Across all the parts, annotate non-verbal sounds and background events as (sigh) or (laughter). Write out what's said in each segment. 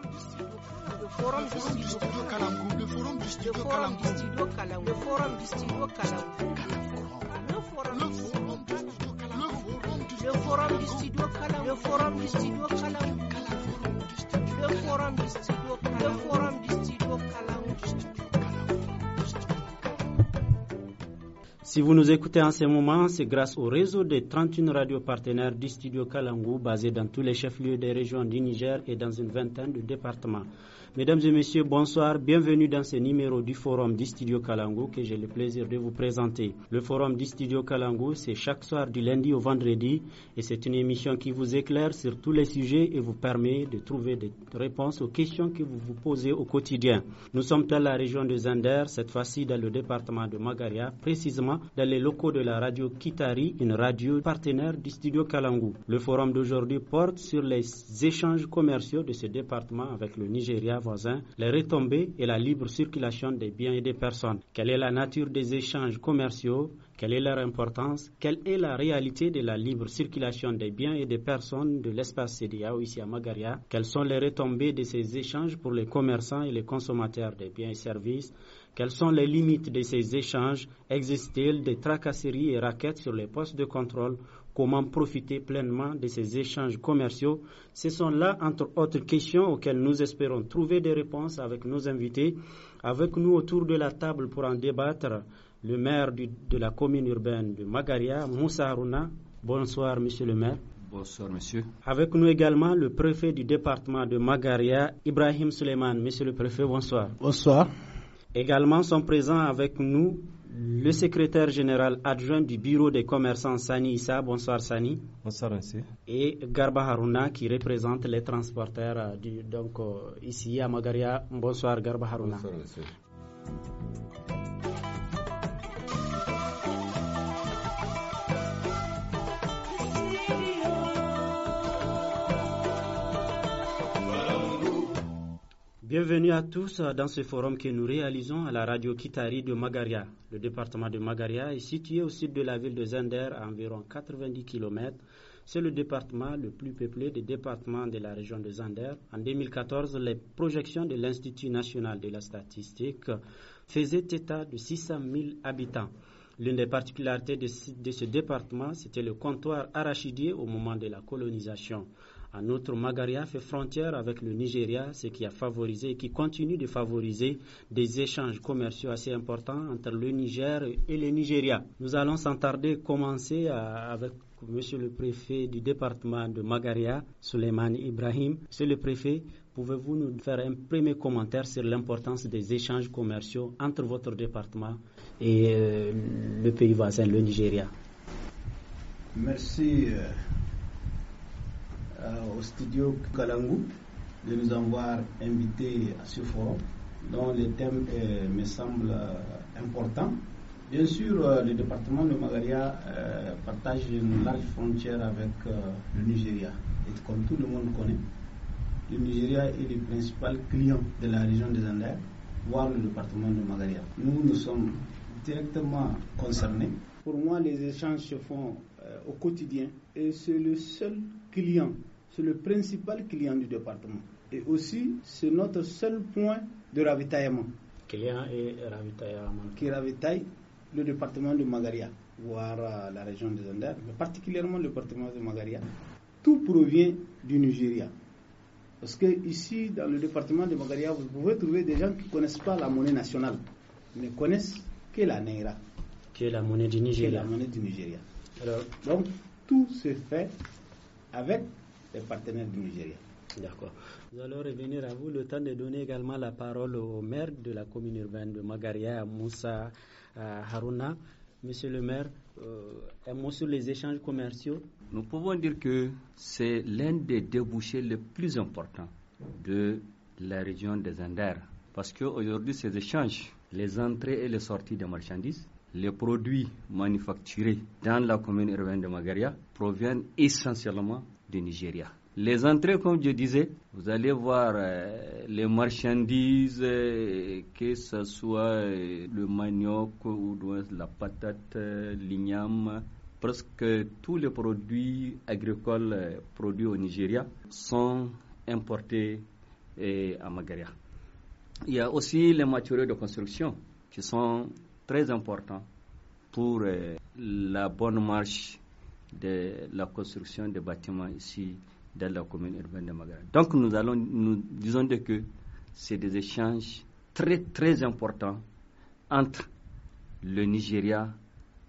forum Le forum du studio Kalangu. Le forum du studio Kalangu. Le forum du studio Kalangu. Le forum du studio Kalangu. Le forum du studio Kalangu. Le forum du studio Kalangu. forum Si vous nous écoutez en ce moment, c'est grâce au réseau des 31 radios partenaires du studio Kalangou basé dans tous les chefs-lieux des régions du Niger et dans une vingtaine de départements. Mesdames et messieurs, bonsoir. Bienvenue dans ce numéro du Forum du Studio Kalango que j'ai le plaisir de vous présenter. Le Forum du Studio Kalango, c'est chaque soir du lundi au vendredi et c'est une émission qui vous éclaire sur tous les sujets et vous permet de trouver des réponses aux questions que vous vous posez au quotidien. Nous sommes dans la région de Zander, cette fois-ci dans le département de Magaria, précisément dans les locaux de la radio Kitari, une radio partenaire du Studio Kalango. Le Forum d'aujourd'hui porte sur les échanges commerciaux de ce département avec le Nigeria voisins, les retombées et la libre circulation des biens et des personnes. Quelle est la nature des échanges commerciaux quelle est leur importance, quelle est la réalité de la libre circulation des biens et des personnes de l'espace CDAO ici à Magaria, quelles sont les retombées de ces échanges pour les commerçants et les consommateurs des biens et services, quelles sont les limites de ces échanges Existe-t-il des tracasseries et raquettes sur les postes de contrôle Comment profiter pleinement de ces échanges commerciaux Ce sont là, entre autres questions, auxquelles nous espérons trouver des réponses avec nos invités. Avec nous autour de la table pour en débattre, le maire de la commune urbaine de Magaria, Moussa Aruna. Bonsoir, monsieur le maire. Bonsoir, monsieur. Avec nous également le préfet du département de Magaria, Ibrahim Suleiman. Monsieur le préfet, bonsoir. Bonsoir. Également sont présents avec nous le secrétaire général adjoint du bureau des commerçants Sani Issa. Bonsoir Sani. Bonsoir monsieur. Et Garba Haruna qui représente les transporteurs euh, donc, euh, ici à Magaria. Bonsoir Garba Haruna. Bonsoir monsieur. Bienvenue à tous dans ce forum que nous réalisons à la radio Kitari de Magaria. Le département de Magaria est situé au sud de la ville de Zender à environ 90 km. C'est le département le plus peuplé des départements de la région de Zander. En 2014, les projections de l'Institut national de la statistique faisaient état de 600 000 habitants. L'une des particularités de ce département, c'était le comptoir arachidier au moment de la colonisation à notre Magaria fait frontière avec le Nigeria, ce qui a favorisé et qui continue de favoriser des échanges commerciaux assez importants entre le Niger et le Nigeria. Nous allons sans tarder commencer euh, avec Monsieur le préfet du département de Magaria, Suleiman Ibrahim. Monsieur le préfet, pouvez-vous nous faire un premier commentaire sur l'importance des échanges commerciaux entre votre département et euh, le pays voisin, le Nigeria Merci, euh, euh, au studio Kalangu de nous avoir invités à ce forum dont le thème euh, me semble euh, important. Bien sûr, le département de Magaria partage une large frontière avec le Nigeria. Et comme tout le monde connaît, le Nigeria est le principal client de la région des Andes, voire le département de Magaria. Nous, nous sommes directement concernés. Pour moi, les échanges se font au quotidien et c'est le seul client c'est le principal client du département. Et aussi, c'est notre seul point de ravitaillement. Client et ravitaillement. Qui ravitaille le département de Magaria, voire euh, la région des Andes, mais particulièrement le département de Magaria. Tout provient du Nigeria. Parce que ici, dans le département de Magaria, vous pouvez trouver des gens qui ne connaissent pas la monnaie nationale, ne connaissent que la Naira. Qui est la monnaie du Nigeria. la monnaie du Nigeria. Alors, Donc, tout se fait avec les partenaires du Nigeria. D'accord. Nous allons revenir à vous. Le temps de donner également la parole au maire de la commune urbaine de Magaria, Moussa euh, Haruna. Monsieur le maire, euh, un mot sur les échanges commerciaux Nous pouvons dire que c'est l'un des débouchés les plus importants de la région des Andères Parce qu'aujourd'hui, ces échanges, les entrées et les sorties des marchandises, les produits manufacturés dans la commune urbaine de Magaria proviennent essentiellement Nigeria. Les entrées, comme je disais, vous allez voir euh, les marchandises, euh, que ce soit euh, le manioc ou la patate, l'igname, presque tous les produits agricoles produits au Nigeria sont importés à Magaria. Il y a aussi les matériaux de construction qui sont très importants pour la bonne marche de la construction des bâtiments ici dans la commune urbaine de Magara. Donc nous allons, nous disons que c'est des échanges très très importants entre le Nigeria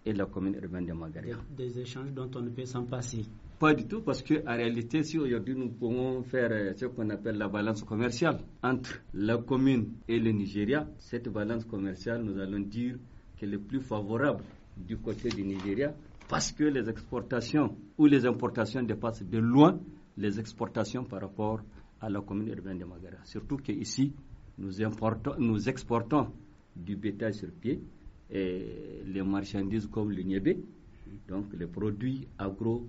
et la commune urbaine de Maghreb. Des, échanges dont on ne peut s'en passer. Pas du tout, parce qu'en réalité, si aujourd'hui nous pouvons faire euh, ce qu'on appelle la balance commerciale entre la commune et le Nigeria, cette balance commerciale, nous allons dire qu'elle est plus favorable du côté du Nigeria parce que les exportations ou les importations dépassent de loin les exportations par rapport à la commune urbaine de Magaria. Surtout qu'ici, nous, nous exportons du bétail sur pied, et les marchandises comme le niébé, donc les produits agro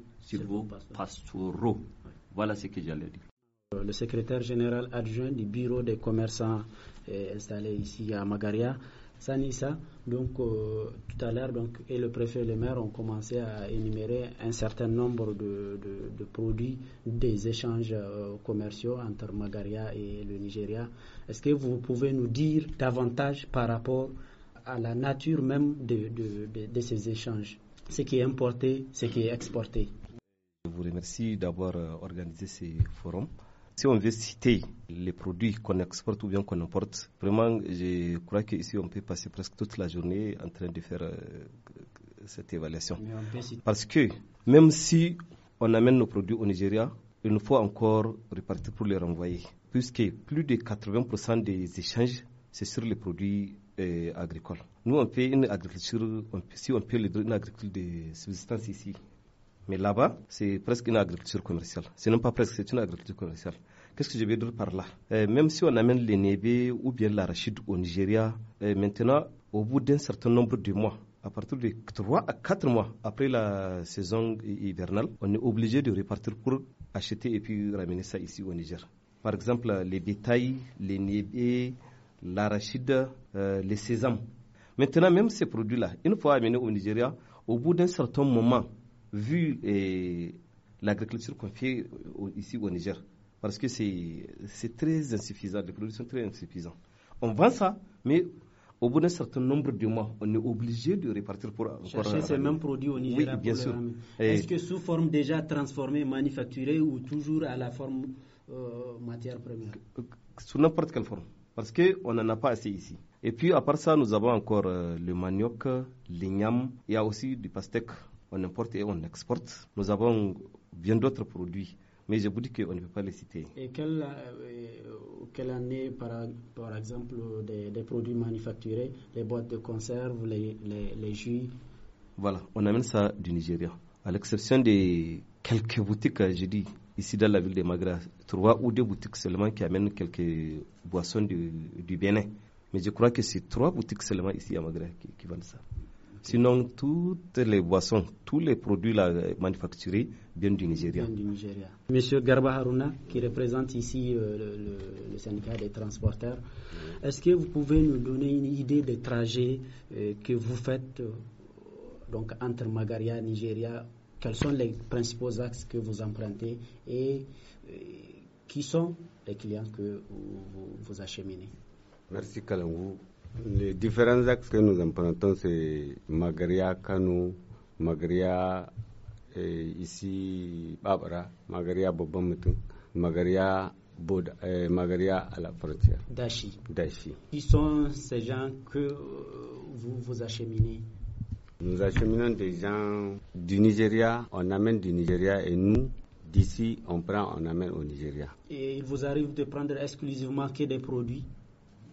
pastoraux Voilà ce que j'allais dire. Euh, le secrétaire général adjoint du bureau des commerçants installé ici à Magaria Sanissa, donc euh, tout à l'heure, donc et le préfet et le maire ont commencé à énumérer un certain nombre de, produits des échanges euh, commerciaux entre Magaria et le Nigeria. Est-ce que vous pouvez nous dire davantage par rapport à la nature même de, de ces échanges, ce qui est importé, ce qui est exporté Je vous remercie d'avoir euh, organisé ces forums. Si on veut citer les produits qu'on exporte ou bien qu'on importe, vraiment, je crois qu'ici, on peut passer presque toute la journée en train de faire euh, cette évaluation. Parce que même si on amène nos produits au Nigeria, il nous faut encore repartir pour les renvoyer, puisque plus de 80% des échanges, c'est sur les produits euh, agricoles. Nous, on fait une agriculture, on si on peut une agriculture de subsistance ici, mais là-bas, c'est presque une agriculture commerciale. n'est non pas presque, c'est une agriculture commerciale. Qu'est-ce que je veux dire par là euh, Même si on amène les nébés ou bien l'arachide au Nigeria, euh, maintenant, au bout d'un certain nombre de mois, à partir de 3 à 4 mois après la saison hivernale, on est obligé de repartir pour acheter et puis ramener ça ici au Niger. Par exemple, les bétails, les nébés, l'arachide, euh, les sésames. Maintenant, même ces produits-là, une fois amenés au Nigeria, au bout d'un certain moment, vu l'agriculture qu'on fait ici au Niger, parce que c'est très insuffisant, les produits sont très insuffisants. On vend ça, mais au bout d'un certain nombre de mois, on est obligé de répartir pour chercher ces mêmes produits au Niger. bien sûr. Est-ce que sous forme déjà transformée, manufacturée ou toujours à la forme euh, matière première Sous n'importe quelle forme, parce qu'on n'en a pas assez ici. Et puis, à part ça, nous avons encore euh, le manioc, l'igname, il y a aussi du pastèque on importe et on exporte. Nous avons bien d'autres produits, mais je vous dis qu'on ne peut pas les citer. Et quelle, euh, euh, quelle année, par, par exemple, des, produits manufacturés, les boîtes de conserve, les, les, jus Voilà, on amène ça du Nigeria. À l'exception des quelques boutiques, euh, je dis, ici dans la ville de Magra, trois ou deux boutiques seulement qui amènent quelques boissons du, du Bénin. Mais je crois que c'est trois boutiques seulement ici à Magra qui vendent ça. Sinon, toutes les boissons, tous les produits manufacturés viennent du Nigeria. Monsieur Garba Haruna, qui représente ici euh, le, syndicat des transporteurs, est-ce que vous pouvez nous donner une idée des trajets euh, que vous faites euh, donc entre Magaria et Nigeria Quels sont les principaux axes que vous empruntez et qui sont les clients que vous, vous acheminez Merci Kalangou les différents axes que nous empruntons, c'est Magaria, Kano, Magaria eh, ici Babara, ah, Magaria Magaria eh, Magaria à la frontière. Dashi. Dashi. Qui sont ces gens que euh, vous vous acheminez Nous acheminons des gens du Nigeria, on amène du Nigeria et nous, d'ici, on prend, on amène au Nigeria. Et il vous arrive de prendre exclusivement que des produits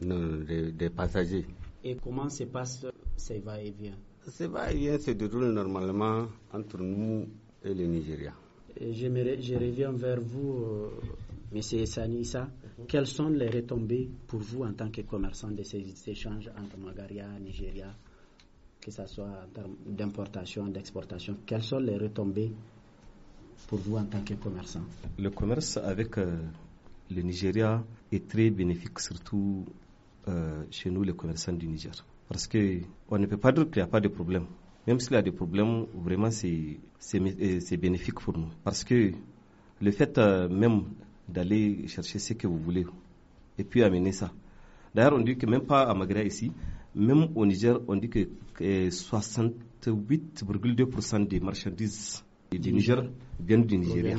non, des, passagers. Et comment se passe ces va-et-vient Ces va-et-vient se déroule normalement entre nous et le Nigeria. je, reviens vers vous, euh, M. Monsieur Sanissa. Quelles sont les retombées pour vous en tant que commerçant de ces échanges entre Magaria et Nigeria, que ce soit en termes d'importation, d'exportation Quelles sont les retombées pour vous en tant que commerçant Le commerce avec euh, le Nigeria est très bénéfique, surtout euh, chez nous les commerçants du Niger. Parce qu'on ne peut pas dire qu'il n'y a pas de problème. Même s'il y a des problèmes, vraiment c'est euh, bénéfique pour nous. Parce que le fait euh, même d'aller chercher ce que vous voulez et puis amener ça. D'ailleurs, on dit que même pas à Maghreb ici, même au Niger, on dit que, 68,2% des marchandises du Niger viennent du Nigeria.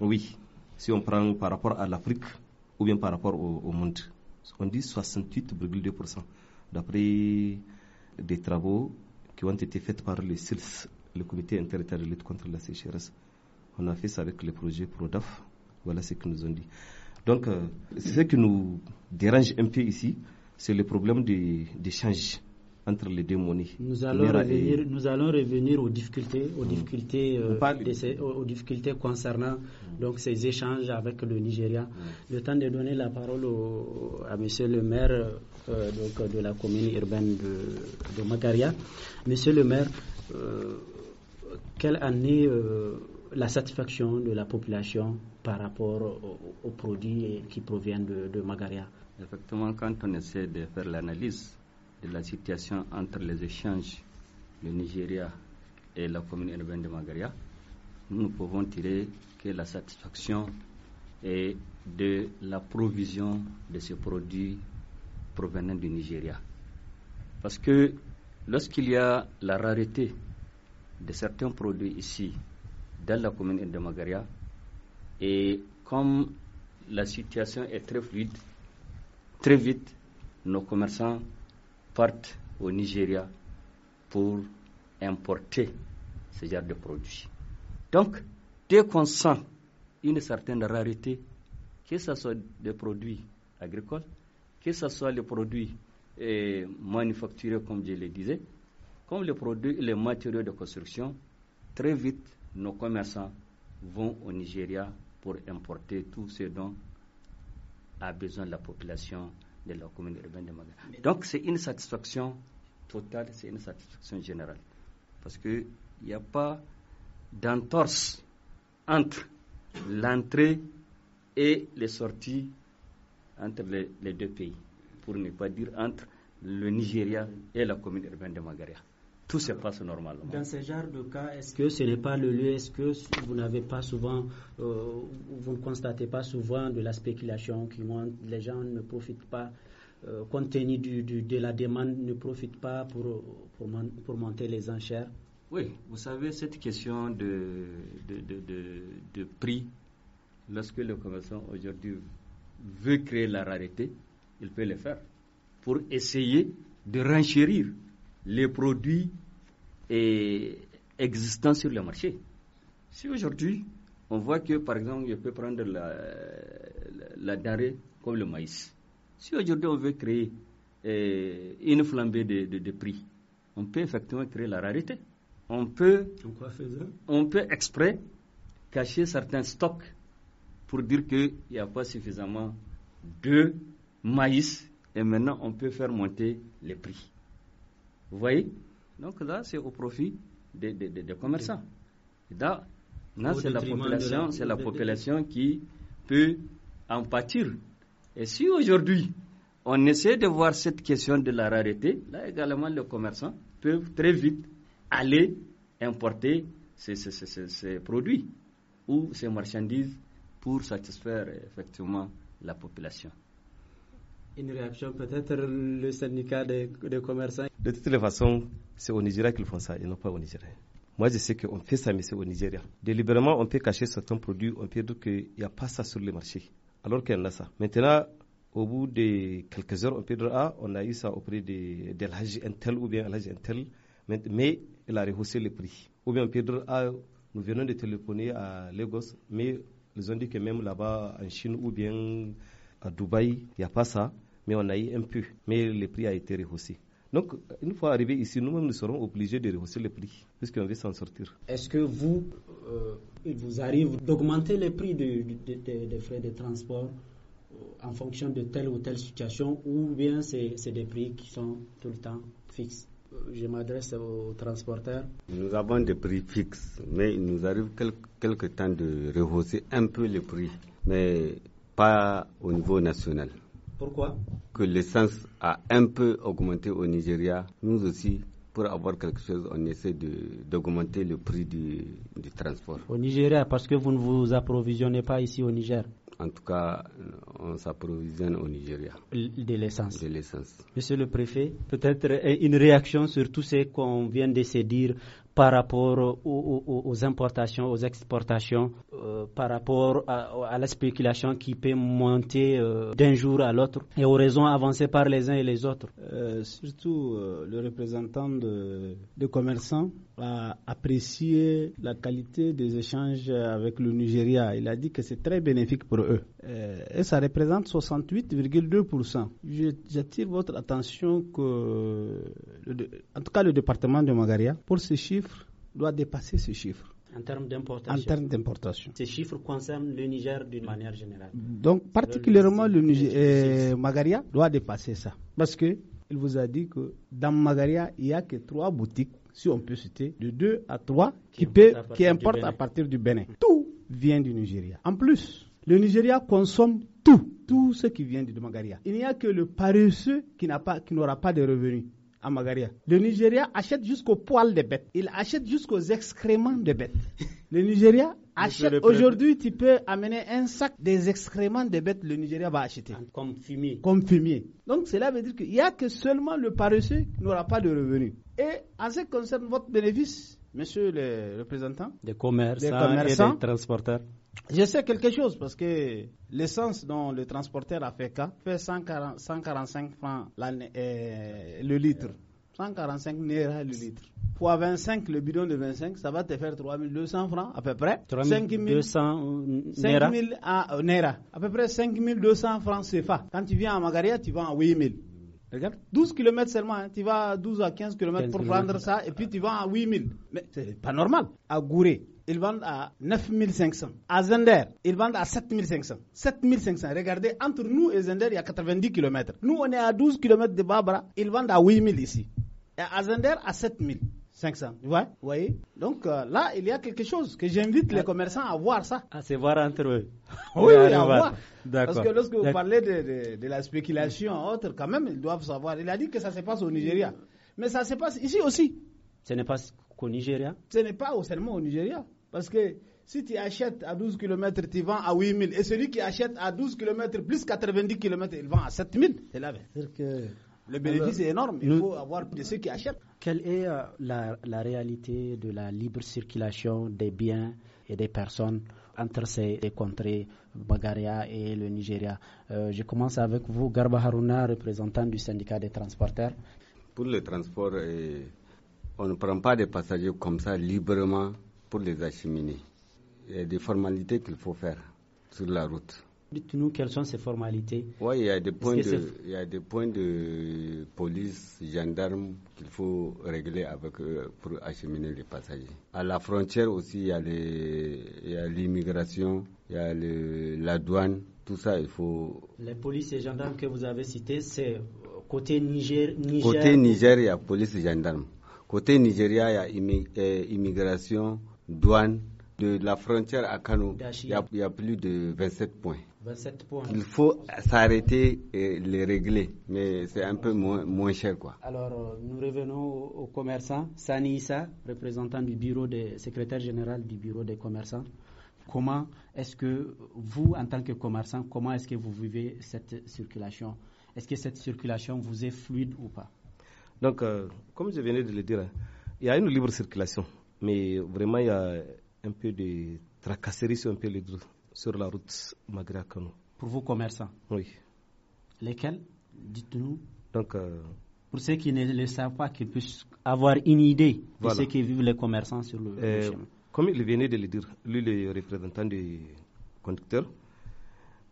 Oui, si on prend par rapport à l'Afrique ou bien par rapport au monde on dit 68,2%, d'après des travaux qui ont été faits par le CILS, le Comité de lutte contre la sécheresse. On a fait ça avec le projet PRODAF. Voilà ce qu'ils nous ont dit. Donc, euh, ce qui nous dérange un peu ici, c'est le problème des, des changes entre les démonies. Nous allons, revenir, nous allons revenir aux difficultés, aux mm. difficultés, euh, aux difficultés concernant mm. donc, ces échanges avec le Nigeria. Mm. Le temps de donner la parole à Monsieur le maire euh, de la commune urbaine de, Magaria. Monsieur le maire, euh, quelle année la satisfaction de la population par rapport aux, produits qui proviennent de, de Magaria Effectivement, quand on essaie de faire l'analyse, de la situation entre les échanges, le Nigeria et la commune urbaine de Magaria, nous pouvons tirer que la satisfaction est de la provision de ces produits provenant du Nigeria. Parce que lorsqu'il y a la rareté de certains produits ici, dans la commune de Magaria, et comme la situation est très fluide, très vite, nos commerçants partent au Nigeria pour importer ce genre de produits. Donc, dès qu'on sent une certaine rareté, que ce soit des produits agricoles, que ce soit les produits eh, manufacturés, comme je le disais, comme les produits, les matériaux de construction, très vite, nos commerçants vont au Nigeria pour importer tout ce dont a besoin la population de la commune urbaine de Magaria. Donc c'est une satisfaction totale, c'est une satisfaction générale. Parce qu'il n'y a pas d'entorse entre l'entrée et les sorties entre les, les, deux pays, pour ne pas dire entre le Nigeria et la commune urbaine de Magaria tout se passe normalement. Dans ce genre de cas, est-ce que ce n'est pas le lieu, est-ce que vous n'avez pas souvent, euh, vous ne constatez pas souvent de la spéculation qui monte, les gens ne profitent pas, euh, compte tenu de la demande, ne profitent pas pour, monter les enchères Oui, vous savez, cette question de, prix, lorsque le commerçant aujourd'hui veut créer la rareté, il peut le faire pour essayer de renchérir les produits existants sur le marché. Si aujourd'hui, on voit que, par exemple, je peux prendre la, la, comme le maïs. Si aujourd'hui on veut créer euh, une flambée de, prix, on peut effectivement créer la rarité. On peut, on peut exprès cacher certains stocks pour dire qu'il n'y a pas suffisamment de maïs et maintenant on peut faire monter les prix. Vous voyez Donc là, c'est au profit des, commerçants. Là, c'est la population, c'est la population qui peut en pâtir. Et si aujourd'hui, on essaie de voir cette question de la rareté, là également, les commerçants peuvent très vite aller importer ces produits ou ces marchandises pour satisfaire effectivement la population. Une réaction peut-être le syndicat des, commerçants. De toutes les façons, c'est au Nigeria qu'ils font ça et non pas au Nigeria. Moi, je sais qu'on fait ça, mais c'est au Nigeria. Délibérément, on peut cacher certains produits, on peut dire qu'il n'y a pas ça sur le marché, alors qu'il y en a ça. Maintenant, au bout de quelques heures, on peut dire, ah, on a eu ça auprès de, de Intel ou bien l'âge Intel, mais, elle il a rehaussé les prix. Ou bien on peut dire, ah, nous venons de téléphoner à Lagos, mais ils ont dit que même là-bas, en Chine ou bien à Dubaï, il n'y a pas ça mais on a eu un peu. Mais le prix a été rehaussé. Donc, une fois arrivé ici, nous-mêmes, nous serons obligés de rehausser le prix, puisqu'on veut s'en sortir. Est-ce que vous, euh, il vous arrive d'augmenter les prix des de, frais de transport euh, en fonction de telle ou telle situation, ou bien c'est des prix qui sont tout le temps fixes euh, je m'adresse aux transporteurs. Nous avons des prix fixes, mais il nous arrive quelque temps de rehausser un peu les prix, mais pas au niveau national. Pourquoi Que l'essence a un peu augmenté au Nigeria. Nous aussi, pour avoir quelque chose, on essaie d'augmenter le prix du, transport. Au Nigeria, parce que vous ne vous approvisionnez pas ici au Niger En tout cas, on s'approvisionne au Nigeria. De l'essence. De l'essence. Monsieur le préfet, peut-être euh, une réaction sur tout ce qu'on vient de se dire par rapport aux, importations, aux exportations, euh, par rapport à, la spéculation qui peut monter euh, d'un jour à l'autre et aux raisons avancées par les uns et les autres. Euh, surtout, le représentant de, commerçants a apprécié la qualité des échanges avec le Nigeria. Il a dit que c'est très bénéfique pour eux. et ça représente 68,2%. J'attire votre attention que, en tout cas, le département de Magaria, pour ces chiffres doit dépasser ce chiffre. En termes d'importation. Ces chiffres concernent le Niger d'une manière générale. Donc, particulièrement le, euh, Magaria doit dépasser ça. Parce que il vous a dit que dans Magaria, il n'y a que trois boutiques, si on peut citer, de deux à trois, qui, importent à partir du Bénin. Tout vient du Nigeria. En plus, le Nigeria consomme tout, tout ce qui vient du Magaria. Il n'y a que le paresseux qui n'aura pas, pas de revenus. Le Nigeria achète jusqu'au poil des bêtes. Il achète jusqu'aux excréments des bêtes. Le Nigeria (laughs) achète. Aujourd'hui, tu peux amener un sac des excréments des bêtes, le Nigeria va acheter. Ah, comme fumier. Comme fumier. Donc cela veut dire qu'il n'y a que seulement le paresseux qui n'aura pas de revenus. Et en ce qui concerne votre bénéfice, monsieur le représentant des commerçants, et des transporteurs. Je sais quelque chose parce que l'essence dont le transporteur a fait cas fait 145 francs euh, le litre. 145 naira le litre. Fois 25, le bidon de 25, ça va te faire 3200 francs à peu près. 5200 euh, naira. à, ah, euh, À peu près 5200 francs CFA. Quand tu viens à Magaria, tu vas à 8000. Regarde, 12 km seulement, hein. tu vas 12 à 15 km pour vendre ça et puis tu vas à 8000. Mais c'est pas normal. À Gouré, ils vendent à 9500. À Zender, ils vendent à 7500. 7500, regardez, entre nous et Zender, il y a 90 km. Nous, on est à 12 km de Barbara, ils vendent à 8000 ici. Et à Zender, à 7000. 500, vous voyez Donc euh, là, il y a quelque chose que j'invite les ah. commerçants à voir ça. À ah, se voir entre eux. (laughs) oui, (laughs) Parce que lorsque vous parlez de, la spéculation autre, quand même, ils doivent savoir. Il a dit que ça se passe au Nigeria. Mais ça se passe ici aussi. Ce n'est pas qu'au Nigeria Ce n'est pas seulement au Nigeria. Parce que si tu achètes à 12 km, tu vends à 8000 Et celui qui achète à 12 km plus 90 km, il vend à 7000 000. C'est Que... Le bénéfice est énorme. Il faut avoir de ceux qui achètent quelle est euh, la, réalité de la libre circulation des biens et des personnes entre ces contrées, Bagaria et le Nigeria euh, Je commence avec vous, Garba Haruna, représentant du syndicat des transporteurs. Pour le transport, euh, on ne prend pas des passagers comme ça librement pour les acheminer. Il y a des formalités qu'il faut faire sur la route. Dites-nous quelles sont ces formalités. Oui, il y a des points, de, police, gendarmes qu'il faut régler euh, pour acheminer les passagers. À la frontière aussi, il y a l'immigration, il y a, la douane. Tout ça, il faut. Les polices et gendarmes que vous avez cités, c'est euh, côté Niger, Niger. Côté Niger, il y a police et gendarmes. Côté Nigeria, il y a euh, immigration, douane. De la frontière à Kano, il y a plus de 27 points. Il faut s'arrêter et les régler, mais c'est un peu moins, cher. quoi. Alors, euh, nous revenons aux, commerçants. Sani Issa, représentant du bureau des secrétaire général du bureau des commerçants. Comment est-ce que vous, en tant que commerçant, comment est-ce que vous vivez cette circulation Est-ce que cette circulation vous est fluide ou pas Donc, euh, comme je venais de le dire, il y a une libre circulation, mais vraiment, il y a un peu de tracasserie, sur un peu les sur la route Magra-Kano. Pour vos commerçants Oui. Lesquels Dites-nous. Donc, euh, pour ceux qui ne le savent pas, qu'ils puissent avoir une idée de ce que vivent les commerçants sur le, euh, Comme il venait de le dire, lui, le représentant du conducteur,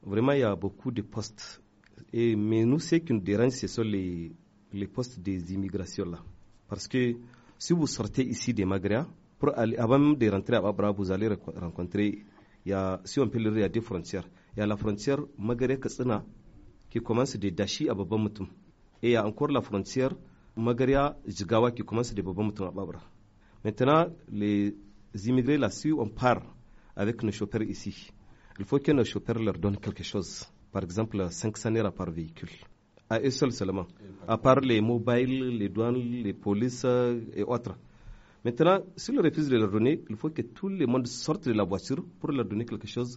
vraiment, il y a beaucoup de postes. Et, mais nous, ce qui nous dérange, ce sont les, les postes des immigrations là. Parce que si vous sortez ici des Maghreb pour aller, avant même de rentrer à Abra, vous allez rencontrer ya siwon filin ya deux frontières a la frontière magare tsina qui commence de dashi a et il y a encore la frontière magaria jigawa qui commence de babban à Babra. maintenant les immigrés là dessus on part avec nos chauffeurs ici il faut que nos chauffeurs leur donnent quelque chose par exemple 500 naira par véhicule à eux seuls seulement à part les mobiles les douanes les polices euh, et autres Maintenant, le refuse de leur donner, il faut que tout le monde sorte de la voiture pour leur donner quelque chose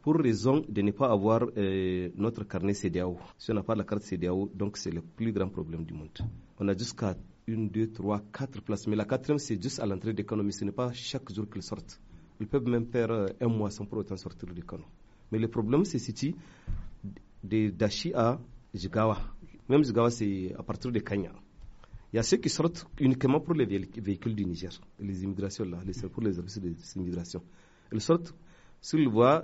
pour raison de ne pas avoir euh, notre carnet CDAO. Si on n'a pas la carte CDAO, donc c'est le plus grand problème du monde. On a jusqu'à une, deux, trois, quatre places. Mais la quatrième, c'est juste à l'entrée d'économie. Ce n'est pas chaque jour qu'ils sortent. Ils peuvent même perdre euh, un mois sans pour autant sortir de l'économie. Mais le problème, c'est situe de Dashi à Jigawa. Même Jigawa, c'est à partir de Kanya. Il y a ceux qui sortent uniquement pour les véhicules du Niger, les immigrations là, pour les services d'immigration. Ils sortent,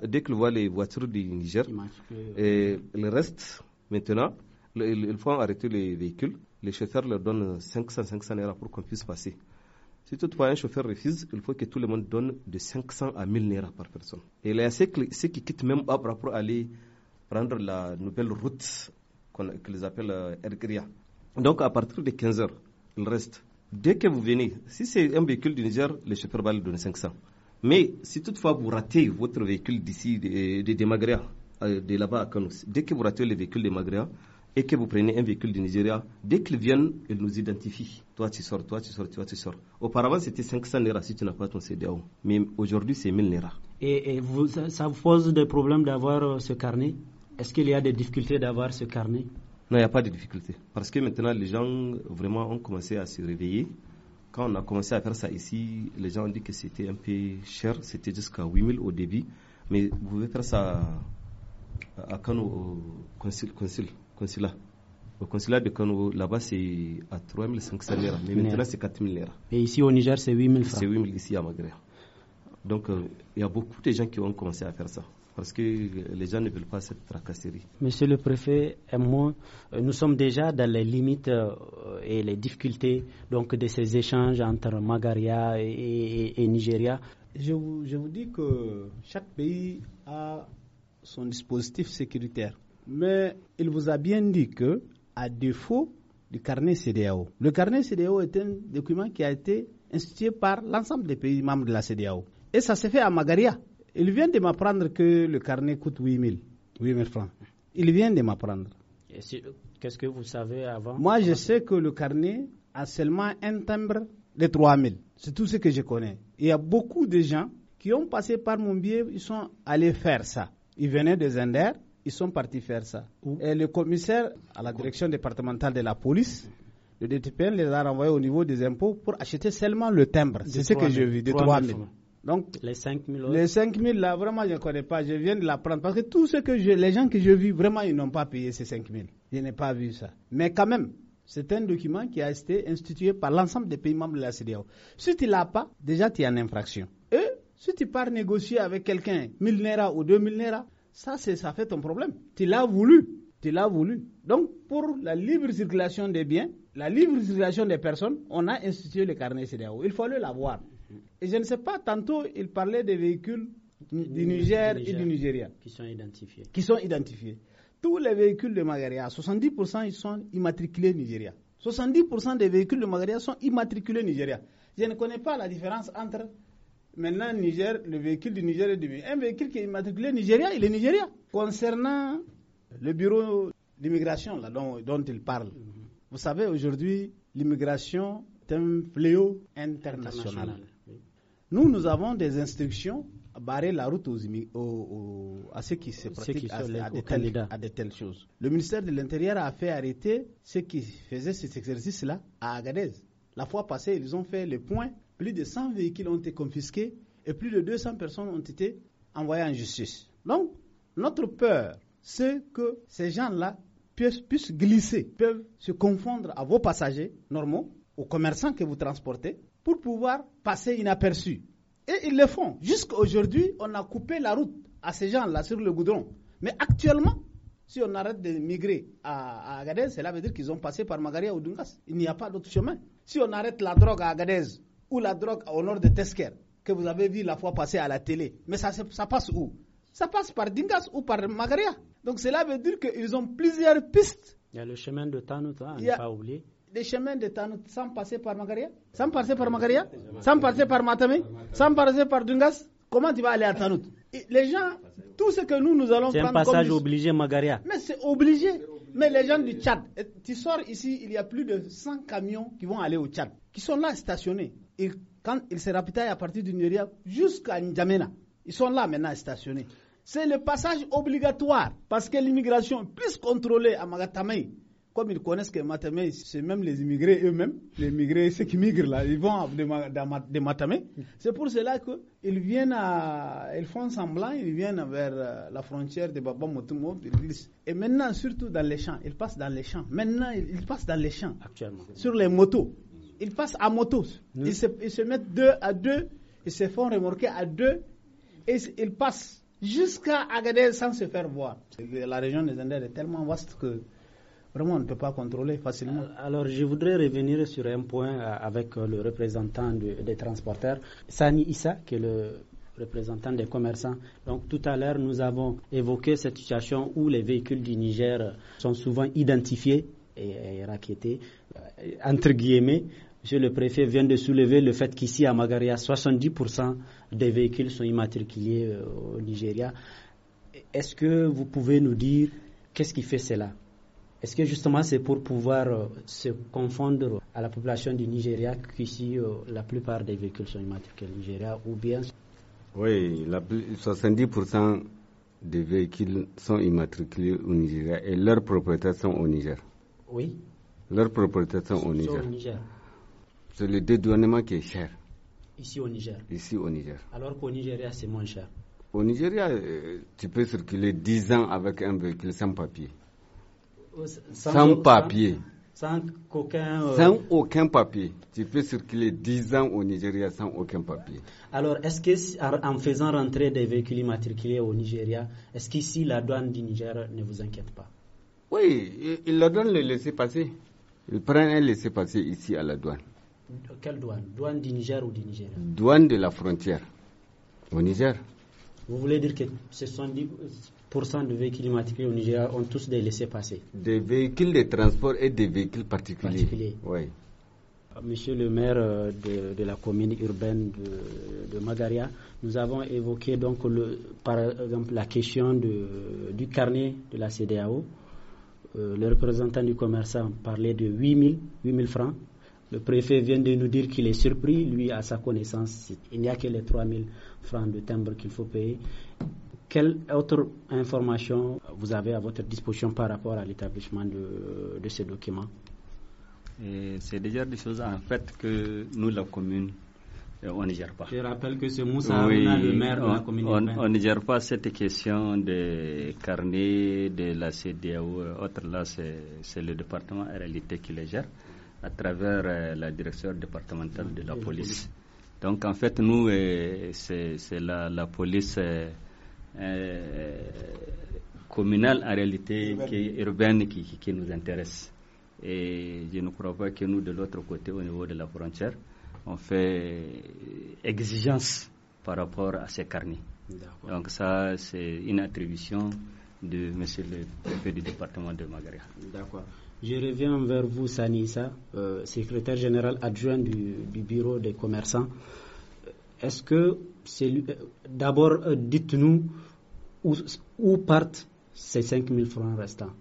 dès qu'ils voient les voitures du Niger, euh, et le reste, maintenant, ils font arrêter les véhicules. Les chauffeurs leur donnent 500, 500 naira pour qu'on puisse passer. Si toutefois un chauffeur refuse, il faut que tout le monde donne de 500 à 1000 naira par personne. Et il y a ceux qui, quittent même Abra pour aller prendre la nouvelle route qu'ils qu appellent euh, Ergria. Donc à partir de 15 heures, il reste. Dès que vous venez, si c'est un véhicule du Niger, le chauffeur va lui donner 500. Mais si toutefois vous ratez votre véhicule d'ici, de, de, de euh, là-bas à Kanous, dès que vous ratez le véhicule de Magréa, et que vous prenez un véhicule du Nigeria, dès qu'ils viennent, ils nous identifient. Toi, tu sors, toi, tu sors, toi, tu sors. Auparavant, c'était 500 Nera si tu n'as pas ton CDAO. Mais aujourd'hui, c'est 1000 Nera. Et, ça vous pose des problèmes d'avoir euh, ce carnet Est-ce qu'il y a des difficultés d'avoir ce carnet non, il n'y a pas de difficulté. Parce que maintenant, les gens vraiment ont commencé à se réveiller. Quand on a commencé à faire ça ici, les gens ont dit que c'était un peu cher. C'était jusqu'à 8000 au début. Mais vous pouvez faire ça Kano, au consulat. Au consulat de Kano, là-bas, c'est à 3500 lira. Mais maintenant, c'est 4000 lira. Et ici, au Niger, c'est 8000 francs. C'est 8000 ici à Maghreb. Donc, euh, il y a beaucoup de gens qui ont commencé à faire ça parce que les gens ne veulent pas cette tracasserie. Monsieur le préfet, moi, euh, nous sommes déjà dans les limites euh, et les difficultés donc, de ces échanges entre Magaria et, Nigeria. Je vous, dis que chaque pays a son dispositif sécuritaire. Mais il vous a bien dit que, à défaut du carnet CDAO, le carnet CDAO est un document qui a été institué par l'ensemble des pays membres de la CDAO. Et ça s'est fait à Magaria. Il vient de m'apprendre que le carnet coûte 8000. 000, francs. Il vient de m'apprendre. Qu'est-ce que vous savez avant Moi, je sais que le carnet a seulement un timbre de 3000. C'est tout ce que je connais. Il y a beaucoup de gens qui ont passé par mon biais, ils sont allés faire ça. Ils venaient des Indères, ils sont partis faire ça. Et le commissaire à la direction départementale de la police, le DTPN les a renvoyés au niveau des impôts pour acheter seulement le timbre. C'est ce que j'ai vu, de 3000. Donc, les 5 000 Les 5 là, vraiment, je ne connais pas. Je viens de l'apprendre parce que tous ceux que je, les gens que je vis, vraiment, ils n'ont pas payé ces 5 000. Je n'ai pas vu ça. Mais quand même, c'est un document qui a été institué par l'ensemble des pays membres de la CDAO. Si tu l'as pas, déjà, tu es en infraction. Et si tu pars négocier avec quelqu'un 1000 naira ou 2000 naira, ça, ça fait ton problème. Tu l'as voulu. Tu l'as voulu. Donc, pour la libre circulation des biens, la libre circulation des personnes, on a institué le carnet CDAO. Il fallait l'avoir. Et je ne sais pas, tantôt, il parlait des véhicules du Niger, et du Nigeria. Qui sont identifiés. Qui sont identifiés. Tous les véhicules de Magaria, 70% ils sont immatriculés Nigeria. 70% des véhicules de Magaria sont immatriculés Nigeria. Je ne connais pas la différence entre maintenant Niger, le véhicule du Niger et du Un véhicule qui est immatriculé Nigeria, il est Nigeria. Concernant le bureau d'immigration dont, dont, il parle, mhm. vous savez, aujourd'hui, l'immigration est un fléau international. Nous, nous avons des instructions à barrer la route aux, à ceux qui se pratiquent à, des à, de telles, choses. Le ministère de l'Intérieur a fait arrêter ceux qui faisaient cet exercice-là à Agadez. La fois passée, ils ont fait le point. Plus de 100 véhicules ont été confisqués et plus de 200 personnes ont été envoyées en justice. Donc, notre peur, c'est que ces gens-là puissent, puissent glisser, peuvent se confondre à vos passagers normaux, aux commerçants que vous transportez, pour pouvoir passer inaperçu. Et ils le font. Jusqu'à aujourd'hui, on a coupé la route à ces gens-là sur le goudron. Mais actuellement, si on arrête de migrer à, Agadez, cela veut dire qu'ils ont passé par Magaria ou Dungas. Il n'y a pas d'autre chemin. Si on arrête la drogue à Agadez ou la drogue au nord de Tesker, que vous avez vu la fois passer à la télé, mais ça, ça passe où Ça passe par Dungas ou par Magaria. Donc cela veut dire qu'ils ont plusieurs pistes. Il y a le chemin de Tanouta, hein, à ne pas oublié. Les chemins de Tanout sans passer par Magaria Sans passer par Magaria Sans passer par Matame Sans passer par Dungas Comment tu vas aller à Tanout Les gens, tout ce que nous, nous allons prendre. C'est un passage obligé, Magaria. Mais c'est obligé. Mais les gens du Tchad, tu sors ici, il y a plus de 100 camions qui vont aller au Tchad, qui sont là stationnés. Et quand ils se rapitaillent à partir du jusqu'à N'Djamena, ils sont là maintenant stationnés. C'est le passage obligatoire parce que l'immigration, plus contrôlée à Magatame, comme ils connaissent que Matamé, c'est même les immigrés eux-mêmes, les immigrés, ceux qui migrent là, ils vont de, Matamé. C'est pour cela qu'ils viennent à, ils font semblant, ils viennent vers euh, la frontière de Babamotumo, ils Et maintenant, surtout dans les champs, ils passent dans les champs. Maintenant, ils passent dans les champs. Actuellement. Sur les motos. Ils passent à motos. Ils, se, mettent deux à deux, ils se font remorquer à deux, et ils passent jusqu'à Agadé sans se faire voir. La région des Andes est tellement vaste que vraiment on ne peut pas contrôler facilement. Euh, alors je voudrais revenir sur un point euh, avec euh, le représentant des transporteurs, Sani Issa, qui est le représentant des commerçants. Donc tout à l'heure, nous avons évoqué cette situation où les véhicules du Niger sont souvent identifiés et, raquettés, entre guillemets, Monsieur le préfet vient de soulever le fait qu'ici à Magaria, 70% des véhicules sont immatriculés au Nigeria. Est-ce que vous pouvez nous dire qu'est-ce qui fait cela est-ce que justement c'est pour pouvoir euh, se confondre à la population du Nigeria qu'ici euh, la plupart des véhicules sont immatriculés au Nigeria ou bien Oui, 70% des véhicules sont immatriculés au Nigeria et leurs propriétaires sont au Niger. Oui. Leurs propriétaires sont, au Niger. C'est le dédouanement qui est cher. Ici au Niger. Ici au Niger. Alors qu'au Nigeria c'est moins cher. Au Nigeria, euh, tu peux circuler 10 ans avec un véhicule sans papier. Euh, sans, papier. Euh, sans, aucun, papier. Tu peux circuler 10 ans au Nigeria sans aucun papier. Alors, est-ce que en faisant rentrer des véhicules immatriculés au Nigeria, est-ce qu'ici la douane du Niger ne vous inquiète pas Oui, il leur donne le laisser-passer. Il prend un laisser-passer ici à la douane. Quelle douane Douane du Niger ou du Nigeria Douane de la frontière, au Niger. Vous voulez dire que ce sont de véhicules immatriculés au Nigeria ont tous des laissés-passer. Des véhicules de transport et des véhicules particuliers. Oui. Euh, monsieur le maire euh, de, la commune urbaine de, Magaria, nous avons évoqué donc le, par exemple la question du carnet de la CDAO. Euh, le représentant du commerçant parlait de 8 000 francs. Le préfet vient de nous dire qu'il est surpris. Lui, à sa connaissance, il n'y a que les 3 000 francs de timbre qu'il faut payer. Quelle autre information vous avez à votre disposition par rapport à l'établissement de, ces documents C'est déjà des choses en fait que nous, la commune, euh, on ne gère pas. Je rappelle que c'est Moussa le maire de la commune. On, ne gère pas cette question des carnets de la ou euh, Autre là, c'est le département en réalité qui les gère à travers euh, la direction départementale de la police. Donc en fait, nous, c'est la, la, police. Euh, communale en réalité urbaine. Qui, urbaine qui, nous intéresse. Et je ne crois pas que nous, de l'autre côté, au niveau de la frontière, on fait exigence par rapport à ces carnets. Donc ça, c'est une attribution de monsieur le préfet du département de Magaria. D'accord. Je reviens vers vous, Sanissa, euh, secrétaire général adjoint du bureau des commerçants. Euh, est-ce que euh, d'abord, euh, dites-nous où, partent ces 5 000 francs restants.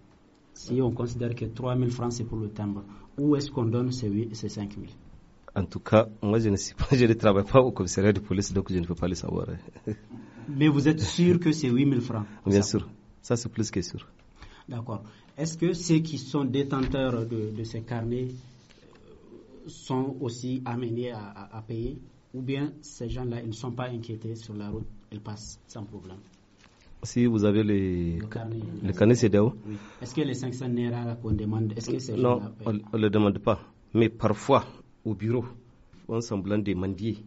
Si on considère que 3 000 francs c'est pour le timbre, où est-ce qu'on donne ces, 5 en tout cas, moi, je ne, pas, je ne travaille pas au commissariat de police, donc je ne peux pas le savoir. Mais vous êtes sûr que c'est 8 000 francs Bien sûr. Ça, c'est plus que sûr. D'accord. Est-ce que ceux qui sont détenteurs de, ces carnets euh, sont aussi amenés à payer ou bien ces gens-là, ils ne sont pas inquiétés sur la route, ils passent sans problème. Si vous avez le carnet, c'est oui. Est-ce que les 500 Nera qu'on demande, est-ce que ces Non, on ne le demande pas. Mais parfois, au bureau, on semblant demander.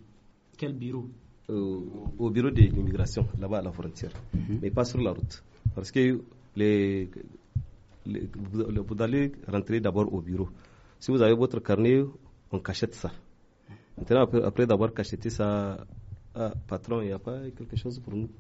Quel bureau euh, Au bureau de l'immigration, là-bas à la frontière. Mhm. Mais pas sur la route. Parce que les, vous allez rentrer d'abord au bureau. Si vous avez votre carnet, on cachette ça. Maintenant, après, après d'avoir cacheté ça, ah, patron, il n'y a pas quelque chose pour nous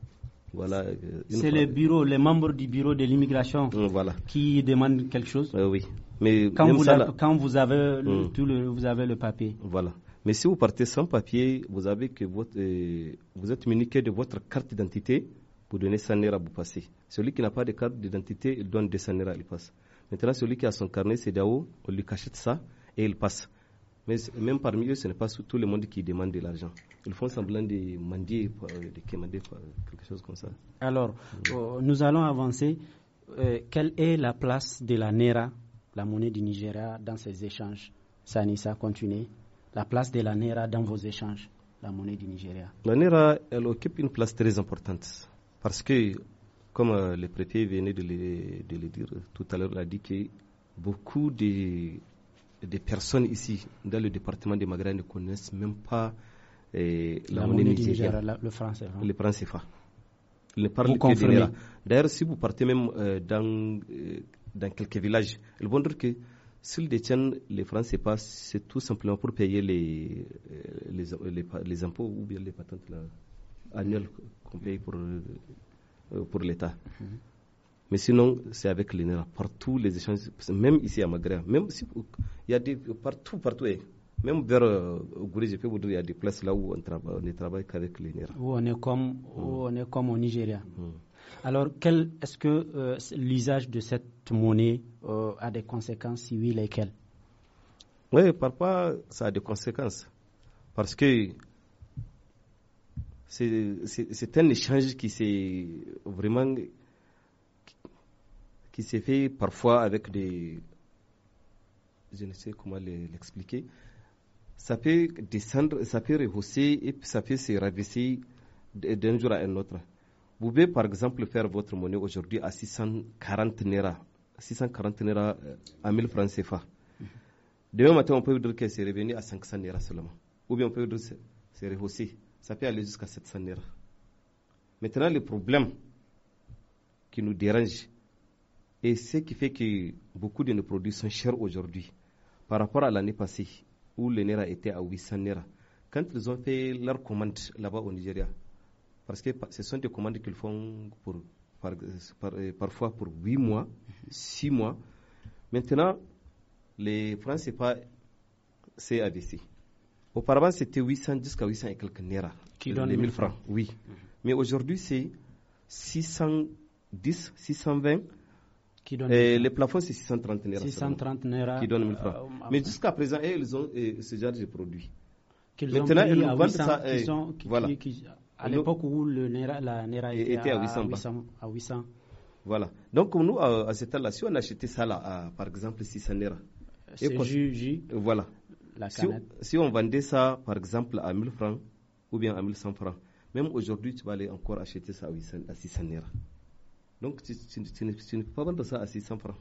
voilà, euh, C'est les bureaux, les membres du bureau de l'immigration mm, voilà. qui demandent quelque chose euh, Oui. Mais quand, vous, quand vous, avez le, mm. tout le, vous avez le papier. Voilà. Mais si vous partez sans papier, vous, avez que votre, euh, vous êtes muniqué de votre carte d'identité pour donner 100 naira, vous passer. Celui qui n'a pas de carte d'identité, il donne 200 naira, il passe. Maintenant, celui qui a son carnet c'est d'ao, on lui cachette ça et il passe. Mais même parmi eux, ce n'est pas tout le monde qui demande de l'argent. Ils font semblant de mendier, euh, de commander quelque chose comme ça. Alors, mm. euh, nous allons avancer. Euh, quelle est la place de la Naira, e la monnaie du Nigeria, dans ces échanges Sanissa, continuez. La place de la Naira e dans vos échanges, la monnaie du Nigeria. La Naira, e elle occupe une place très importante parce que, comme le préfet venait de de le dire tout à l'heure, il a dit que beaucoup de des personnes ici, dans le département de Maghreb, ne connaissent même pas eh, la, monnaie le franc CFA. Hein. Le franc CFA. Ils parlent D'ailleurs, si vous partez même euh, dans, euh, dans quelques villages, ils vont dire que s'ils détiennent les français CFA, c'est tout simplement pour payer euh, les, les, les, impôts ou bien les patentes annuelles qu'on paye pour, pour l'État. Mhm. Mais sinon, c'est avec l'INERA. Partout, les échanges, même ici à Maghreb, même si il y a des. partout, partout. Eh. Même vers euh, je il y a des places là où on, on ne travaille qu'avec l'INERA. Où, hmm. on est comme, au Nigeria. Hmm. Alors, est-ce que euh, l'usage de cette monnaie euh, a des conséquences Si oui, lesquelles Oui, parfois, ça a des conséquences. Parce que c'est un échange qui s'est vraiment qui s'est fait parfois avec des. Je ne sais comment l'expliquer. Ça peut descendre, ça peut rehausser et puis ça peut se ravisser d'un jour à un autre. Vous pouvez par exemple faire votre monnaie aujourd'hui à 640 naira, 640 naira euh, à 1000 francs CFA. Demain matin, on peut dire que c'est revenu à 500 naira seulement. Ou bien on peut dire que c'est rehaussé. Ça peut aller jusqu'à 700 naira. Maintenant, le problème qui nous dérange, et ce qui fait que beaucoup de nos produits sont chers aujourd'hui par rapport à l'année passée où le Nera était à 800 Nera. Quand ils ont fait leur commande là-bas au Nigeria, parce que ce sont des commandes qu'ils font pour, euh, parfois pour 8 mois, 6 mois. Maintenant, les francs pas... c'est abaissé. Auparavant, c'était 800 jusqu'à 800 et quelques Nera. Qui 1000 francs, oui. Mhm. Mais aujourd'hui, c'est 610, 620 le plafond, c'est 630 Naira. 630 Naira. Qui donne 1000 euh, francs. Euh, mais jusqu'à présent, ils ont euh, ce genre de produits. Maintenant, ils nous vendent ça. Eh, à l'époque où le Naira, la Naira était, à, 800, à 800. Voilà. Donc, nous, à, à cette là si on achetait ça, là, par exemple, 600 Naira. C'est Voilà. si, on vendait ça, par exemple, à 1000 francs ou bien à 1100 francs, même aujourd'hui, tu vas aller encore acheter ça à, 600 Nera. Donc, tu, ne peux pas vendre ça à 600 francs,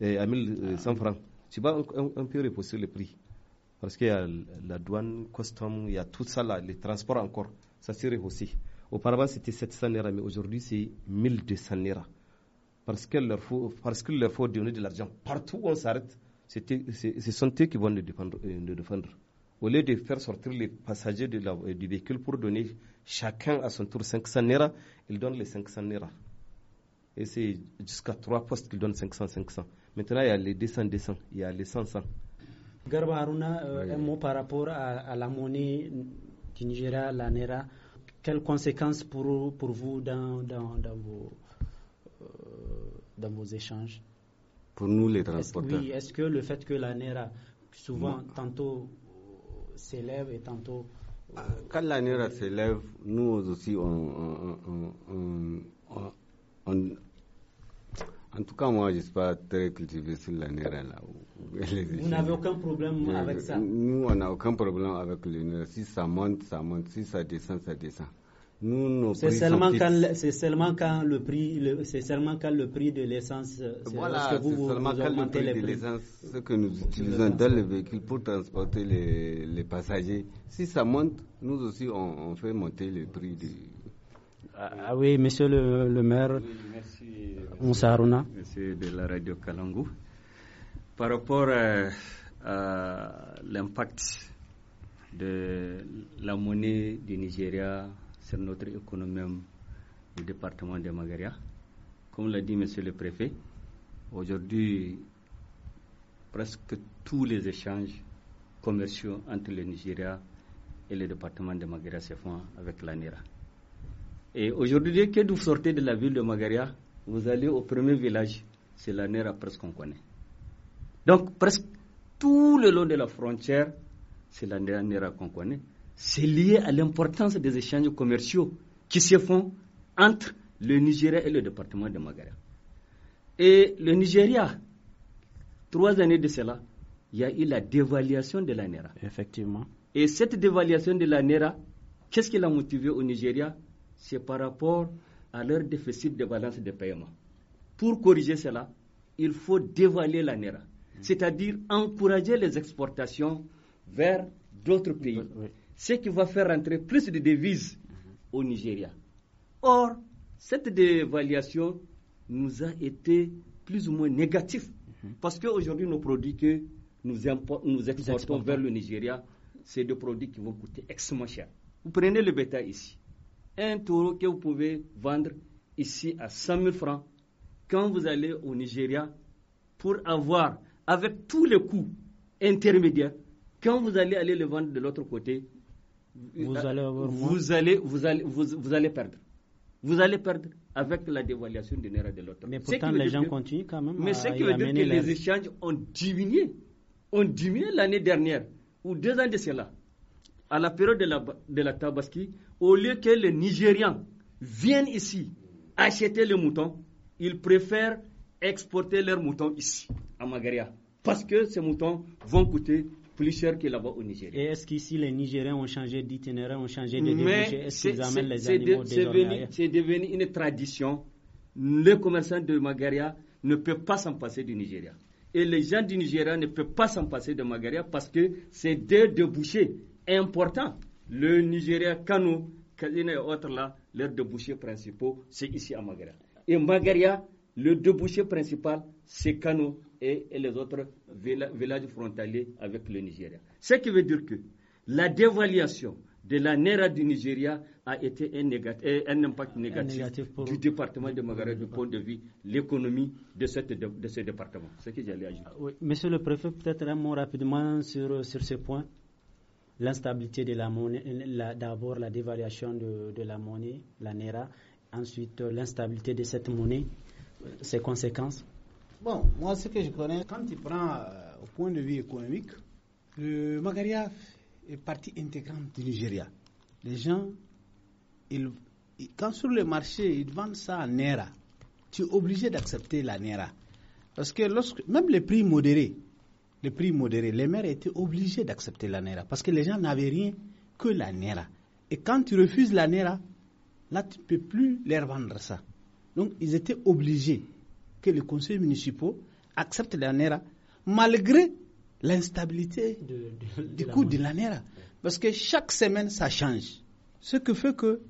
à 1100 euh, francs. Tu vas un, peu repousser le prix. Parce qu'il y a la douane, costume, il y a tout ça là, les transports encore. Ça serait aussi. Auparavant, c'était 700 nera, mais aujourd'hui, c'est 1200 nera. Parce qu'il leur, faut, parce leur faut donner de l'argent. Partout où on s'arrête, ce sont eux qui vont nous euh, défendre, Au lieu de faire sortir les passagers euh, du véhicule pour donner chacun à son tour 500 Nera, ils donnent les 500 Nera. Et c'est jusqu'à trois postes qu'ils donnent 500-500. Maintenant, il y a les 200-200, il y a les 100-100. Garba Aruna, euh, un mot par rapport à, la monnaie du Nigeria, la Naira. Quelles conséquences pour, vous euh, dans, vos, échanges Pour nous, les transporteurs. oui, est-ce que le fait que la Naira, souvent, tantôt euh, s'élève et tantôt. Quand la Naira s'élève, nous aussi, on on, en tout cas, moi, je ne suis pas très cultivé sur la nerf. Vous n'avez aucun problème avec ça Nous, on n'a aucun problème avec le nerf. Si ça monte, ça monte. Si ça descend, ça descend. Nous, c'est seulement, seulement quand le prix, c'est seulement quand le prix de l'essence. Euh, voilà, c'est seulement vous quand le prix, de l'essence, ce que nous utilisons dans le véhicule pour transporter les, les, passagers. Si ça monte, nous aussi on, on fait monter le prix du ah, ah oui, monsieur le, maire merci, Monsieur de la radio Kalangou. Par rapport euh, à, l'impact de la monnaie du Nigeria sur notre économie du département de Magaria, comme l'a dit monsieur le préfet, aujourd'hui, presque tous les échanges commerciaux entre le Nigeria et le département de Magaria se font avec l'ANIRA. E et aujourd'hui, dès que vous sortez de la ville de Magaria, vous allez au premier village, c'est la Nera presque qu'on connaît. Donc presque tout le long de la frontière, c'est la Nera qu'on connaît. C'est lié à l'importance des échanges commerciaux qui se font entre le Nigeria et le département de Magaria. Et le Nigeria, trois années de cela, il y a eu la dévaluation de la Nera. Effectivement. Et cette dévaluation de la Nera, qu'est-ce qui l'a motivé au Nigeria c'est par rapport à leur déficit de balance de paiement. Pour corriger cela, il faut dévaler la NERA, mm. c'est-à-dire encourager les exportations vers d'autres pays, ce qui va faire entrer plus de devises mm-hmm. au Nigeria. Or, cette dévaluation nous a été plus ou moins négative, mm-hmm. parce qu'aujourd'hui, nos produits que nous, nous exportons vers le Nigeria, c'est des produits qui vont coûter extrêmement cher. Vous prenez le bétail ici un taureau que vous pouvez vendre ici à 100 000 francs, quand vous allez au Nigeria, pour avoir, avec tous les coûts intermédiaires, quand vous allez aller le vendre de l'autre côté, vous, euh, allez, vous, allez, vous, allez, perdre vous allez perdre avec la dévaluation du naira de l'autre. Mais pourtant, les gens continuent quand même. Mais ce qui veut dire que les échanges ont diminué. Ont diminué l'année dernière, ou deux ans de cela à la période de la, Tabaski, au lieu que les Nigérians viennent ici acheter les moutons, ils préfèrent exporter leurs moutons ici, à Magaria. Parce que ces moutons vont coûter plus cher que là-bas au Nigeria. Et est-ce qu'ici les Nigériens ont changé d'itinéraire, ont changé de débouché Est-ce qu'ils amènent les animaux C'est devenu, une tradition. Les commerçants de Magaria ne peut pas s'en passer du Nigeria. Et les gens du Nigeria ne peuvent pas s'en passer de Magaria parce que c'est des débouchés important, Le Nigeria, Kano, Kazine et autres là, leurs débouchés principaux, c'est ici à Magaria. Et Magaria, le débouché principal, c'est Kano et, les autres villages frontaliers avec le Nigeria. Ce qui veut dire que la dévaluation de la NERA du Nigeria a été un, euh, impact négatif, du département de Magaria du point de vue l'économie de, cette, de, ce département. ce que j'allais ajouter. Ah monsieur le Préfet, peut-être un mot rapidement sur, sur ce point l'instabilité de la monnaie, d'abord la dévaluation de, de, la monnaie, la NERA, ensuite euh, l'instabilité de cette monnaie, euh, ses conséquences Bon, moi ce que je connais, quand tu prends euh, au point de vue économique, le Magaria est partie intégrante du Nigeria. Les gens, ils, quand sur le marché, ils vendent ça en NERA. Tu es obligé d'accepter la NERA. Parce que lorsque, même les prix modérés, les prix modérés, les maires étaient obligés d'accepter la e parce que les gens n'avaient rien que la e Et quand tu refuses la e là, tu ne peux plus leur vendre ça. Donc, ils étaient obligés que les conseils municipaux acceptent la NERA malgré l'instabilité du coût de la Parce que chaque semaine, ça change. Ce que fait que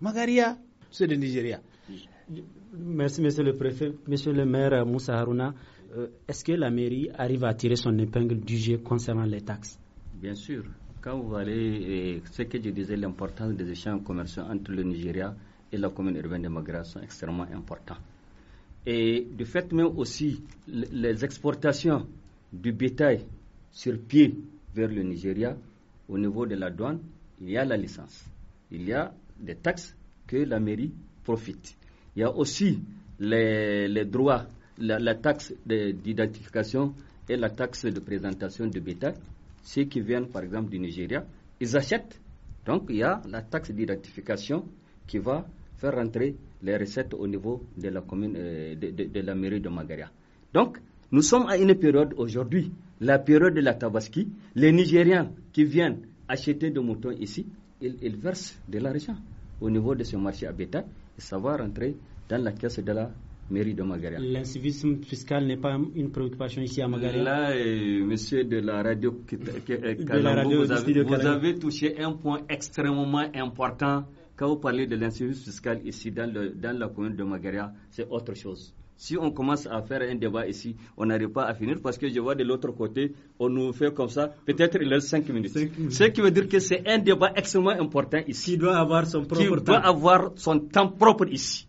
Magaria, c'est de Nigeria. Merci, monsieur le préfet. Monsieur le maire Moussa Haruna, euh, est-ce que la mairie arrive à tirer son épingle du jeu concernant les taxes Bien sûr. Quand vous allez, euh, ce que je disais, l'importance des échanges commerciaux entre le Nigeria et la commune urbaine de Maghreb sont extrêmement importants. Et de fait, même aussi, les exportations du bétail sur pied vers le Nigeria, au niveau de la douane, il y a la licence. Il y a des taxes que la mairie profite. Il y a aussi les, les droits la, taxe d'identification et la taxe de présentation de bétail, ceux qui viennent par exemple du Nigeria, ils achètent. Donc il y a la taxe d'identification qui va faire rentrer les recettes au niveau de la commune, euh, de, la mairie de Magaria. Donc nous sommes à une période aujourd'hui, la période de la Tabaski. Les Nigériens qui viennent acheter de moutons ici, ils, ils versent de l'argent au niveau de ce marché à bétail et ça va rentrer dans la caisse de la mairie de Magaria. L'incivisme fiscal n'est pas une préoccupation ici à Magaria Là, euh, monsieur de la radio, vous, avez, touché un point extrêmement important. Quand vous parlez de l'incivisme fiscal ici dans, dans la commune de Magaria, c'est autre chose si on commence à faire un débat ici, on n'arrive pas à finir parce que je vois de l'autre côté, on nous fait comme ça, peut-être il reste 5 minutes. Ce qui veut dire que c'est un débat extrêmement important ici. Qui doit avoir son doit avoir son temps propre ici.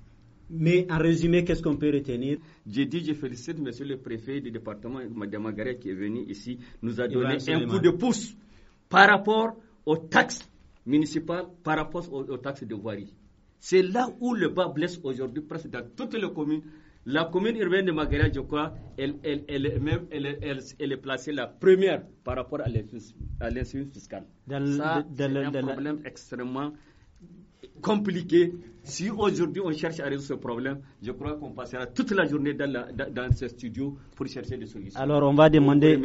Mais en résumé, qu'est-ce qu'on peut retenir J'ai dit, je félicite monsieur le préfet du département, madame Magaret, qui est venu ici, nous a donné un coup de pouce par rapport aux taxes municipales, par rapport aux, taxes de voirie. C'est là où le bas blesse aujourd'hui, presque dans toutes les communes. La commune urbaine de Magaret, je crois, elle, est placée la première par rapport à l'insuffisance fiscale. Ça, un problème extrêmement compliqué. Si aujourd'hui on cherche à résoudre ce problème, je crois qu'on passera toute la journée dans, ce studio pour chercher des solutions. Alors on va demander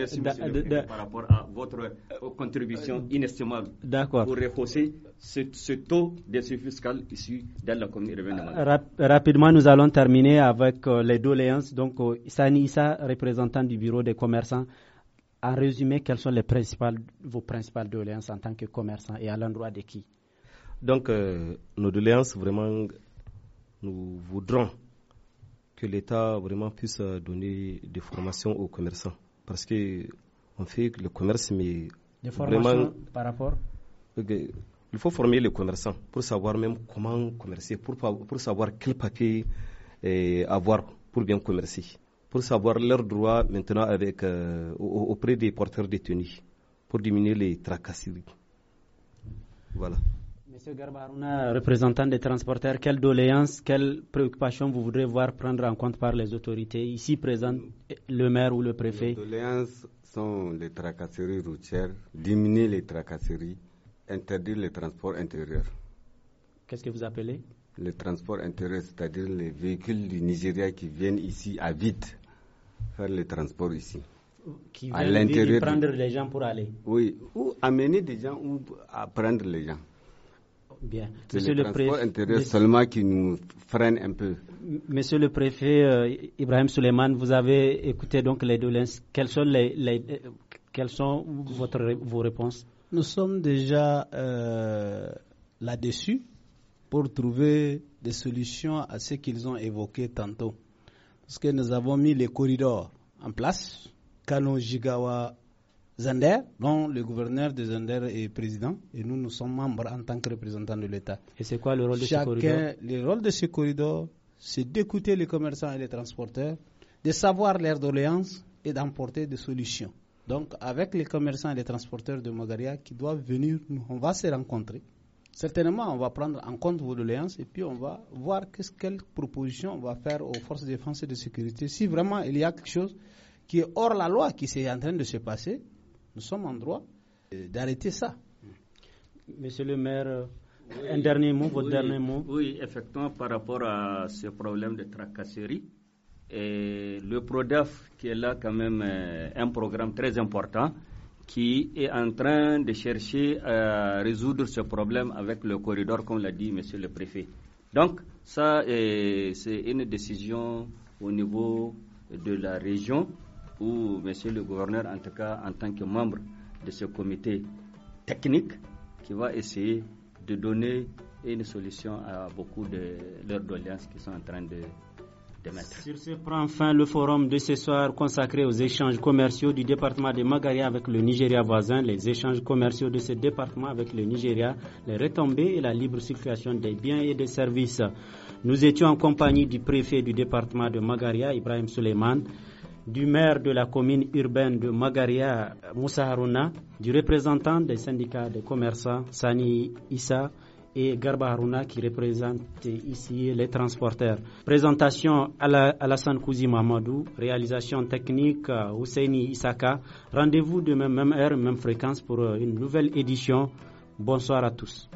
par rapport à votre euh, contribution euh, inestimable pour rehausser ce, taux d'essai fiscal issu dans la commune euh, rapidement, nous allons terminer avec les doléances. Donc, Sani Issa, représentant du bureau des commerçants, a résumé, quelles sont les principales, vos principales doléances en tant que commerçant et à l'endroit de qui donc, euh, nos doléances, vraiment, nous voudrons que l'État vraiment puisse donner des formations aux commerçants. Parce que on fait le commerce, mais. Des formations par rapport Il faut former les commerçants pour savoir même comment commercer, pour, savoir quel papier eh, avoir pour bien commercer, pour savoir leurs droits maintenant avec, euh, auprès des porteurs détenus, pour diminuer les tracasseries. Voilà. Monsieur Garbaruna, représentant des transporteurs, quelles doléances, quelles préoccupations vous voudrez voir prendre en compte par les autorités ici présentes, le maire ou le préfet Les doléances sont les tracasseries routières, diminuer les tracasseries, interdire les transports intérieurs. Qu'est-ce que vous appelez Les transports intérieurs, c'est-à-dire les véhicules du Nigeria qui viennent ici à vite faire les transports ici qui à prendre les gens pour aller. Oui, ou amener des gens ou à prendre les gens. Bien. C'est le, intérieur seulement qui nous freine un peu. Monsieur le préfet euh, Ibrahim Suleiman, vous avez écouté donc les doléances. Quelles sont, les, euh, quelles sont votre, vos réponses Nous sommes déjà euh, là-dessus pour trouver des solutions à ce qu'ils ont évoqué tantôt. Parce que nous avons mis les corridors en place. canon Jigawa Zander, dont le gouverneur de Zander est président, et nous, nous sommes membres en tant que représentants de l'État. Et c'est quoi le rôle de ce corridor Le rôle de ce corridor, c'est d'écouter les commerçants et les transporteurs, de savoir leurs doléances et d'emporter des solutions. Donc, avec les commerçants et les transporteurs de Magaria qui doivent venir, on va se rencontrer. Certainement, on va prendre en compte vos doléances et puis on va voir quelles propositions on va faire aux forces de défense et de sécurité. Si vraiment il y a quelque chose qui est hors la loi qui est en train de se passer, nous sommes en droit euh, d'arrêter ça. Monsieur le maire, euh, un dernier mot, votre dernier mot Oui, effectivement, par rapport à ce problème de tracasserie, et le PRODAF, qui est là quand même euh, un programme très important, qui est en train de chercher à résoudre ce problème avec le corridor, comme l'a dit Monsieur le Préfet. Donc, ça, c'est une décision au niveau de la région ou monsieur le gouverneur, en tout cas en tant que membre de ce comité technique, qui va essayer de donner une solution à beaucoup de leurs doléances qui sont en train de, sur ce prend fin le forum de ce soir consacré aux échanges commerciaux du département de Magaria avec le Nigeria voisin, les échanges commerciaux de ce département avec le Nigeria, les retombées et la libre circulation des biens et des services. Nous étions en compagnie du préfet du département de Magaria, Ibrahim Suleiman du maire de la commune urbaine de Magaria, Moussa Harouna, du représentant des syndicats de commerçants, Sani Issa, et Garba Harouna qui représente ici les transporteurs. Présentation à la Kouzi Mamadou, réalisation technique euh, Ousseini Isaka. Rendez-vous de même heure, même fréquence pour euh, une nouvelle édition. Bonsoir à tous.